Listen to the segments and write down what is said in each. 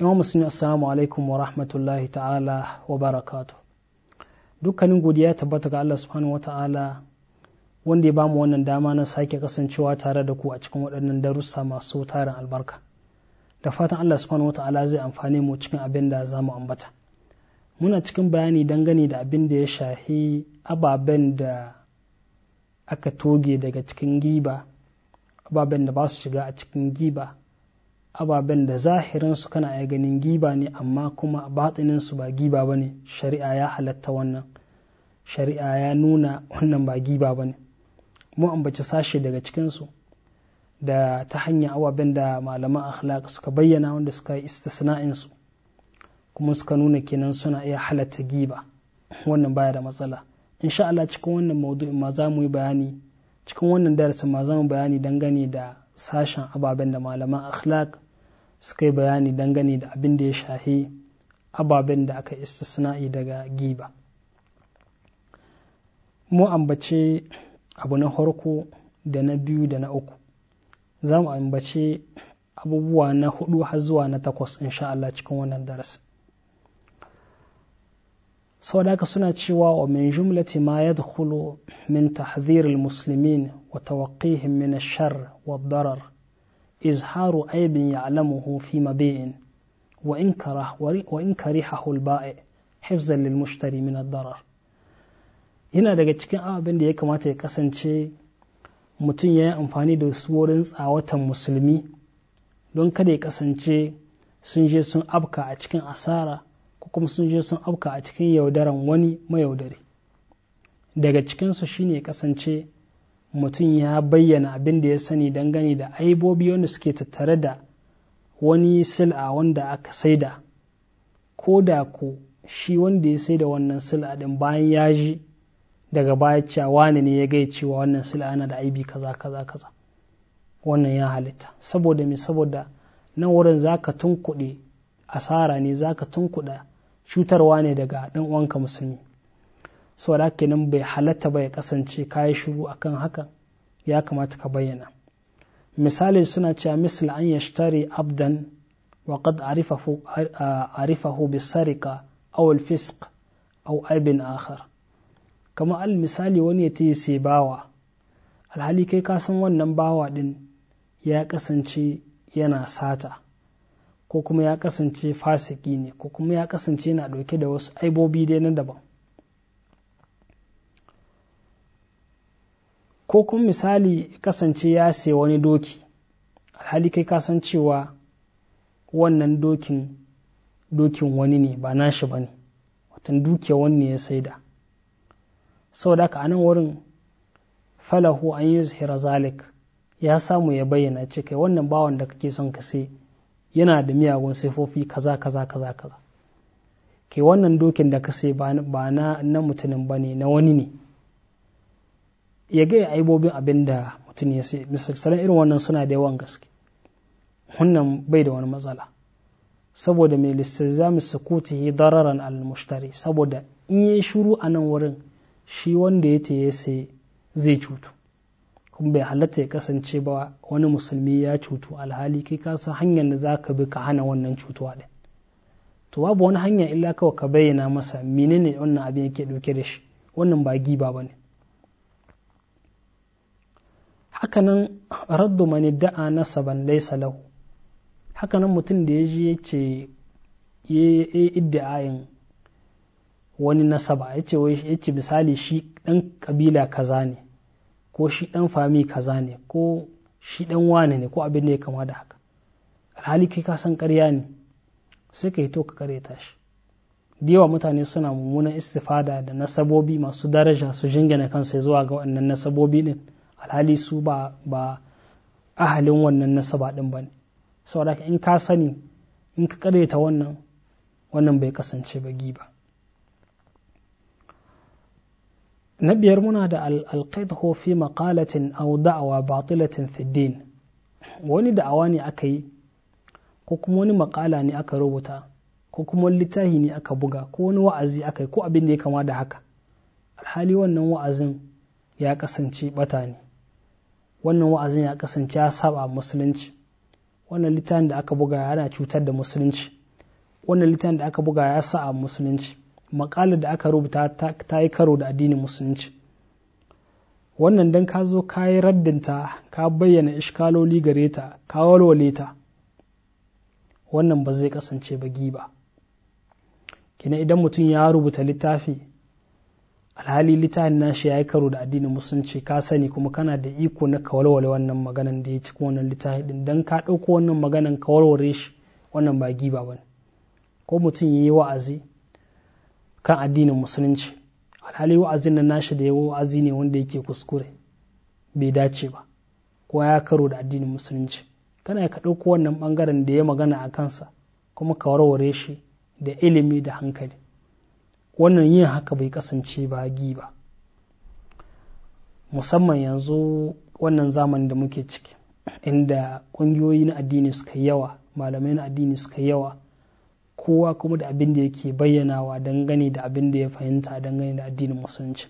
yawan musulmi assalamu alaikum wa rahmatullahi ta'ala wa barakatu dukkanin godiya tabbata ga Allah subhanahu wa ta'ala wanda ya ba mu wannan dama na sake kasancewa tare da ku a cikin waɗannan darussa masu tarin albarka da fatan Allah subhanahu wa ta'ala zai amfane mu cikin abin da za mu ambata muna cikin bayani dangane da abin da ya shahi ababen da aka toge daga cikin giba ababen da ba su shiga a cikin giba ababen da zahirinsu kana iya ganin giba ne amma kuma batininsu ba giba ba ne shari'a ya halatta wannan shari'a ya nuna wannan ba giba ba ne mu ambaci sashe daga cikinsu da ta hanyar ababen da malaman akhlaq suka bayyana wanda suka yi istisna'insu kuma suka nuna kenan suna iya halatta giba wannan baya da matsala insha Allah cikin wannan maudu'in ma za mu yi bayani cikin wannan darasin ma za mu bayani dangane da sashen ababen da malaman akhlaq suka yi bayani dangane da abin da ya shahi ababen da aka istisna'i daga giba mu ambace abu na farko da na biyu da na uku za mu ambace abubuwa na hudu har zuwa na takwas insha Allah cikin wannan darasi da aka suna cewa wa min jumlati ma yadkhulu min tahzir musulmin wa tawaqqihim min shar wa darar izharu aibin يعلمه في mabi'in wa in karah wa in karihahu al-ba'i hifzan lil yana daga cikin abin da ya kamata ya kasance mutum ya yi amfani da su wurin tsawatan musulmi don kada ya kasance sun je sun afka a cikin asara ko kuma sun je sun afka a cikin yaudaran wani mayaudari daga cikinsu shine ya kasance mutum ya bayyana abin da ya sani dangane da aibobi wanda suke tattare da wani sil'a wanda aka saida ko da ku shi wanda ya sai da wannan sil'a din bayan ya ji daga baya cewa wani ne ya gai cewa wannan sil'a yana da aibi kaza kaza kaza wannan ya halitta saboda me saboda nan wurin za zaka tunkuɗe asara ne za zaka tunkuɗa cutarwa ne daga ɗan uwanka musulmi saboda kenan bai halatta ba ya kasance kayi shiru akan haka ya kamata ka bayyana misali suna cewa misal an yashtari abdan wa qad arifahu bi sarika aw alfisq aw aibin akhar kama al misali wani ya tayi sai bawa alhali kai kasan wannan bawa din ya kasance yana sata ko kuma ya kasance fasiki ne ko kuma ya kasance yana dauke da wasu aibobi dai na daban ko kuma misali kasance ya saya wani doki alhali kai ka san cewa wannan dokin dokin wani ne ba nashi ba ne watan dukiya wani ya saida saboda haka anan wurin falahu an yi zuhira zalik ya samu ya bayyana ce kai wannan bawan da kake son ka sai yana da miyagun saifofi kaza kaza kaza kaza kai wannan dokin da ka sai ba na mutumin ba ne na wani ne ya ga ya aibobin abin da mutum ya sai misalsalan irin wannan suna da yawan gaske wannan bai da wani matsala saboda mai listizami sukuti dararan al-mushtari saboda in yi shuru a nan wurin shi wanda ya ya sai zai cutu kuma bai halatta ya kasance ba wani musulmi ya cutu alhali kai ka san hanyar da za ka bi ka hana wannan cutuwa ɗin to babu wani hanya illa kawai ka bayyana masa menene wannan abin yake ɗauke da shi wannan ba giba ba ne hakanan raddu mani da'a nasaban laisa lahu hakanan mutum da ya ji ya ce ya yi wani nasaba ya ce ya misali shi ɗan ƙabila kaza ne ko shi ɗan fami kaza ne ko shi ɗan wane ne ko abin da ya kama da haka alhali kai ka san ƙarya ne sai ka hito ka kareta shi da yawa mutane suna mummunan istifada da nasabobi masu daraja su jingina kansu zuwa ga wannan nasabobi din alhali su ba ba ahalin wannan nasaba din bane saboda in ka sani in ka ta wannan wannan bai kasance ba giba na biyar muna da alqaidhu fi maqalatin aw da'wa batilatin fi wani da'awa ne aka yi ko kuma wani makala ne aka rubuta ko kuma littafi ne aka buga ko wani wa'azi aka yi ko abin da ya kama da haka alhali wannan wa'azin ya kasance bata ne wannan wa'azin ya kasance ya saba musulunci wannan littafin da aka buga yana cutar da musulunci wannan littafin da aka buga ya sa a musulunci makalar da aka rubuta ta yi karo da addinin musulunci wannan dan ka zo ka yi raddinta ka bayyana ishkaloli gare ta ka walwale ta wannan ba zai kasance ba giba kina idan mutum ya rubuta littafi alhali littafin nashi ya yi karo da addinin musulunci ka sani kuma kana da iko na kawalwale wannan maganan da ya cikin wannan littafin din dan ka ɗauko wannan maganan ka warware shi wannan ba giba bane ko mutum ya yi wa'azi kan addinin musulunci alhali wa'azin nan nashi da ya wa'azi ne wanda yake kuskure bai dace ba ko ya karo da addinin musulunci kana ka ɗauko wannan bangaren da ya magana a kansa kuma ka shi da ilimi da hankali wannan yin haka bai kasance ba ba. musamman yanzu wannan zamanin da muke ciki inda ƙungiyoyi na addini suka yawa malamai na addini suka yawa kowa kuma da abin da yake bayyanawa dangane da abin da ya fahimta dangane da addinin musulunci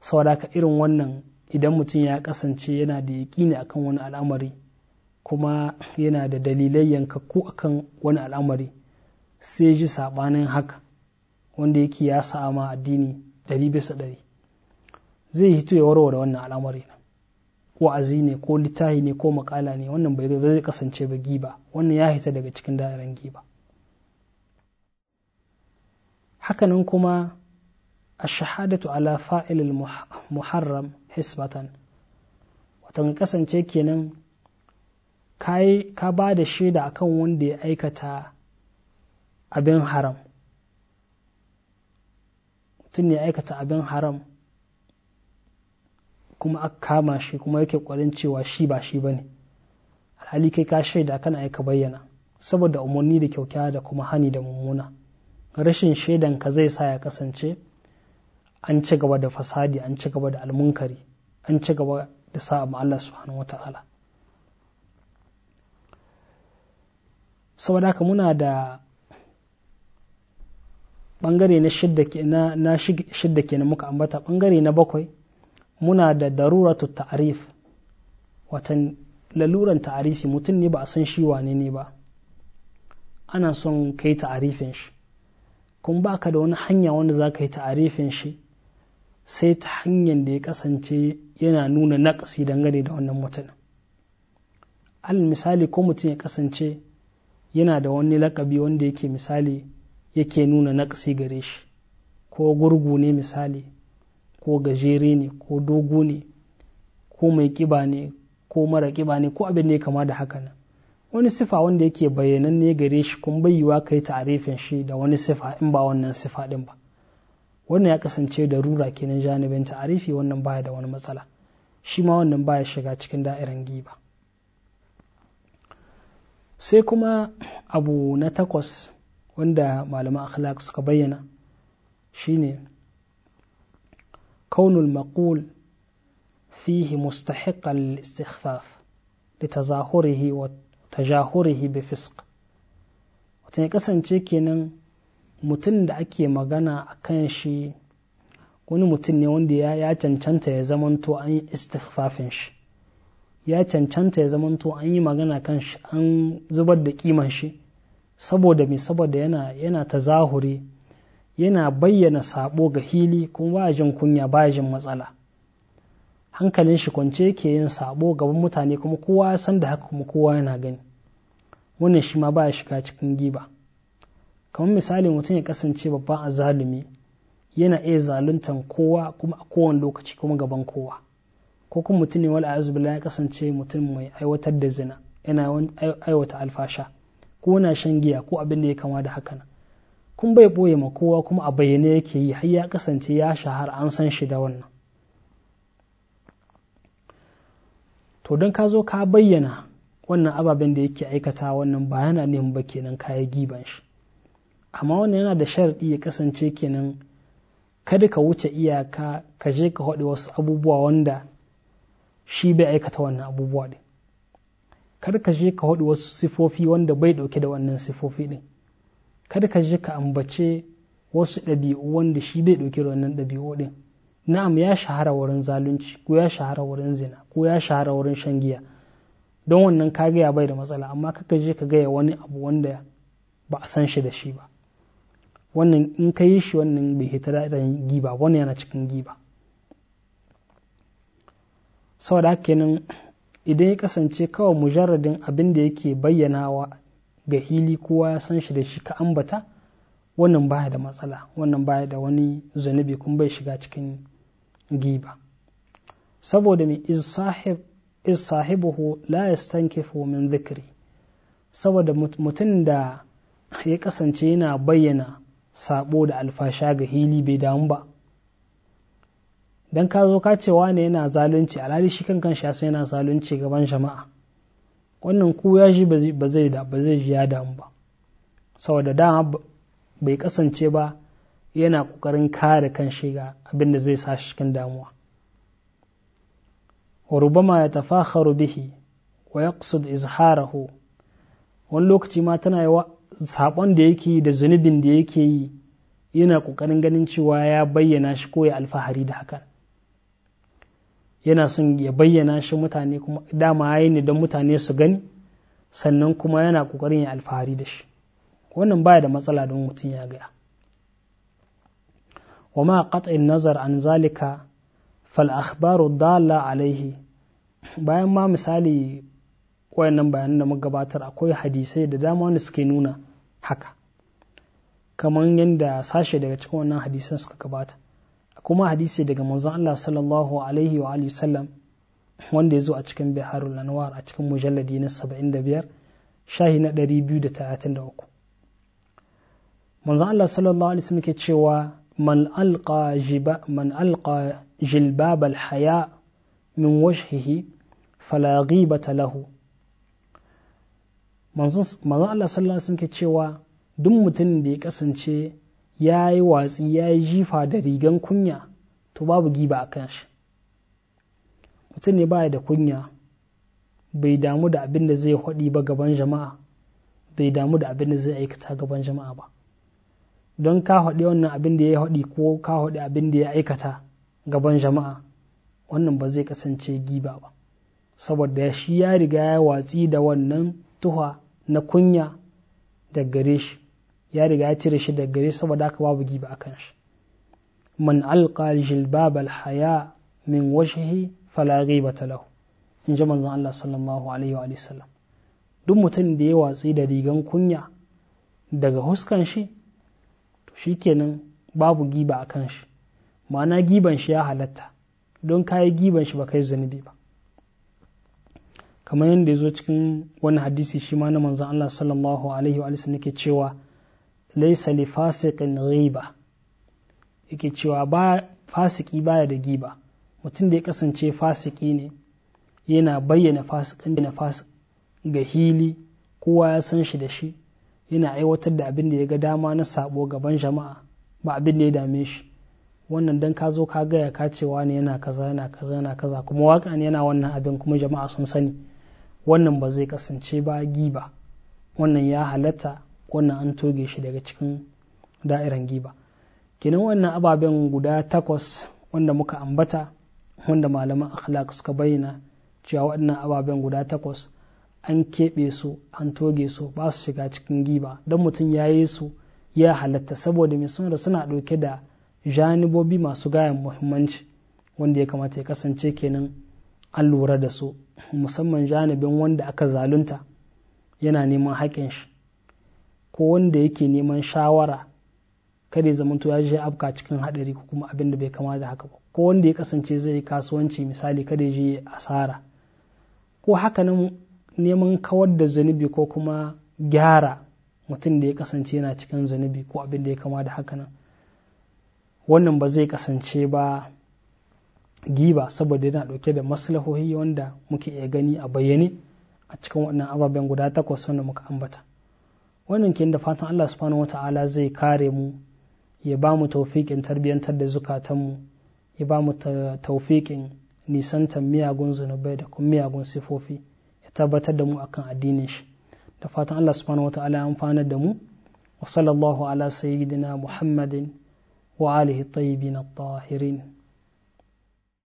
saboda haka irin wannan idan mutum ya kasance yana da yaƙini akan wani al'amari kuma yana da dalilai yankakku akan wani al'amari sai ji saɓanin haka wanda yake ya sa'ama addini ɗari bisa ɗari zai hito ya warware wannan al'amari na wa'azi ne ko littahi ne ko makala ne wannan bai zai kasance ba giba wannan ya hita daga cikin da'irar giba hakanan kuma a shahadatu ala fa'il muharram hisbatan ga kasance kenan ka ba da shaida akan wanda ya aikata abin haram tun ya aikata abin haram kuma aka kama shi kuma yake ƙwarin cewa shi ba shi ba ne alhali kai ka shaida kan aika bayyana saboda umarni da kyaukyawa da kuma hani da mummuna rashin shaidan ka zai sa ya kasance an ci gaba da fasadi an ci gaba da almunkari an ci gaba da sa'a abu Allah subhanahu wata'ala saboda haka muna da bangare na shidda ke na muka ambata bangare na bakwai muna da daruratu ta'arif watan laluran ta'arifi mutum ne ba a san shi wane ne ba ana son kai ta'arifin shi kun baka da wani hanya wanda za ka yi ta'arifin shi sai ta hanyar da ya kasance yana nuna naƙasi dangane da wannan mutum al misali ko mutum ya kasance yana da wani lakabi wanda yake misali yake nuna naƙasi gare shi ko gurgu ne misali ko gajere ne ko dogo ne ko mai ƙiba ne ko mara ƙiba ne ko abin ne kama da haka nan wani sifa wanda yake bayyananne gare shi kun bayyuwa kai ta'arifin shi da wani sifa in ba wannan sifa din ba wannan ya kasance da rura kenan janibin ta'arifi wannan baya da wani matsala shi ma wannan baya shiga cikin da'irin giba sai kuma abu na takwas wanda malaman akhlaq suka bayyana shine kaunul maqul fihi mustahiqan lil-istighfaf litazahurihi wa tajahurihi bi fisq ya kasance kenan mutum da ake magana a kan shi wani mutum ne wanda ya cancanta ya zamanto an yi istighfafin shi ya cancanta ya zamanto an yi magana kan shi an zubar da kiman shi saboda mai saboda yana yana tazahuri yana bayyana sabo ga hili kuma ba jin kunya ba jin matsala hankalin shi kwance yake yin sabo gaban mutane kuma kowa ya san da haka kuma kowa yana gani wannan shi ma ba shiga cikin giba kamar misali mutum ya kasance babban azalumi yana iya zaluntan kowa kuma a kowane lokaci kuma gaban kowa ko kuma mutum ne wal ya kasance mutum mai aiwatar da zina yana aiwata alfasha ko na shan giya ko abin da ya kama da haka kun bai boye ma kowa kuma a bayyane yake yi har ya kasance ya shahara an san shi da wannan to don ka zo ka bayyana wannan ababen da yake aikata wannan ba yana neman ba kenan kayi giban shi amma wannan yana da sharadi ya kasance kenan kada ka wuce iyaka ka je ka haɗe wasu abubuwa wanda shi bai aikata wannan abubuwa din kar ka je ka haɗu wasu sifofi wanda bai ɗauke da wannan sifofi ɗin kar ka je ka ambace wasu ɗabi'u wanda shi bai ɗauke da wannan ɗabi'u ɗin na'am ya shahara wurin zalunci ko ya shahara wurin zina ko ya shahara wurin shan giya don wannan ka gaya bai da matsala amma kaka je ka gaya wani abu wanda ba a san shi da shi ba wannan in ka yi shi wannan bai hita da giba wannan yana cikin giba saboda haka kenan idan ya kasance kawai mujarradin abin da yake bayyanawa ga hili kowa ya san shi da shi ka ambata wannan baya da matsala wannan baya da wani zunubi kun bai shiga cikin giba saboda mai is sahibuhu la yastankifu min zikri saboda mutum da ya kasance yana bayyana sabo da alfasha ga hili bai damu ba dan ka zo ka ce wane yana zalunci alhali shi kan kanshi sai yana zalunci gaban jama'a wannan ku ya shi ba zai da ba zai ji ya damu ba saboda dama bai kasance ba yana kokarin kare kanshi ga abin da zai sa shi cikin damuwa wa rubama ya tafakharu bihi wa yaqsud izharahu wani lokaci ma tana yi saƙon da yake yi da zunubin da yake yi yana ƙoƙarin ganin cewa ya bayyana shi ko ya alfahari da hakan yana son ya bayyana shi mutane kuma dama yayi ne don mutane su gani sannan kuma yana kokarin ya alfahari da shi wannan baya da matsala don mutum ya gaya wa ma qat'in nazar an zalika fal akhbaru dalla alaihi bayan ma misali wayannan bayanan da muka gabatar akwai hadisai da dama wanda suke nuna haka kamar yadda sashe daga cikin wannan hadisan suka gabata kuma hadisi daga manzon Allah sallallahu alaihi wa alihi sallam wanda ya zo a cikin biharul anwar a cikin mujalladi na 75 shahi na 233 manzon Allah sallallahu alaihi wasallam ke cewa man alqa jiba man alqa jilbab al haya min wajhihi fala ghibata lahu manzon Allah sallallahu alaihi wasallam ke cewa duk mutum da ya kasance ya yi watsi ya yi jifa da rigan kunya to babu giba a kan shi mutum ne baya da kunya bai damu da abin da zai haɗi ba gaban jama'a bai damu da abin da zai aikata gaban jama'a ba don ka haɗi wannan abin da ya haɗi ko ka haɗi abin da ya aikata gaban jama'a wannan ba zai kasance giba ba saboda shi ya riga ya watsi da wannan tuha na kunya da gare shi ya riga ya cire shi daga gare saboda haka babu giba kan shi man alqa jilbab haya min wajhihi fala ghibata lahu in ji manzon Allah sallallahu alaihi wa sallam duk mutum da ya watsi da rigan kunya daga huskan shi to shikenan babu giba kan shi ma'ana giban shi ya halatta don kayi giban shi ba kai zunubi ba kamar yadda ya zo cikin wani hadisi shi ma na manzon Allah sallallahu alaihi wa sallam yake cewa laisa li fasiqin ghiba yake cewa ba fasiki baya da giba mutum da ya kasance fasiki ne yana bayyana fasikin da ga hili kowa ya san shi da shi yana aiwatar da abin da ya ga dama na sabo gaban jama'a ba abin da ya dame shi wannan dan ka zo ka gaya ka cewa ne yana kaza yana kaza yana kaza kuma waka ne yana wannan abin kuma jama'a sun sani wannan ba zai kasance ba giba wannan ya halatta wannan an toge shi daga cikin da'iran giba kenan wannan ababen guda takwas wanda muka ambata wanda malaman akhlaq suka bayyana cewa wannan ababen guda takwas an keɓe su an toge su ba su shiga cikin giba don mutum ya yi su ya halatta saboda mai da suna ɗauke da janibobi masu gayan muhimmanci wanda ya kamata ya kasance kenan an lura da su musamman janibin wanda aka zalunta yana neman haƙin shi ko wanda yake neman shawara kada ya zamanto ya je afka cikin haɗari ko kuma abin da bai kama da haka ba ko wanda ya kasance zai yi kasuwanci misali kada ya je asara ko haka nan neman kawar da zunubi ko kuma gyara mutum da ya kasance yana cikin zunubi ko abin da ya kama da haka nan wannan ba zai kasance ba giba saboda yana dauke da maslahohi wanda muke iya gani a bayyane a cikin wannan ababen guda takwas wanda muka ambata wannan ke da fatan Allah subhanahu wata'ala zai kare mu ya ba mu taufiƙin tarbiyyantar da zukatanmu ya ba mu taufiƙin nisantar miyagun zunubai da kuma miyagun sifofi ya tabbatar da mu akan addinin shi da fatan Allah subhanahu wata'ala ya amfana da mu wa sallallahu ala sayyidina muhammadin wa alihi tayyibin at-tahirin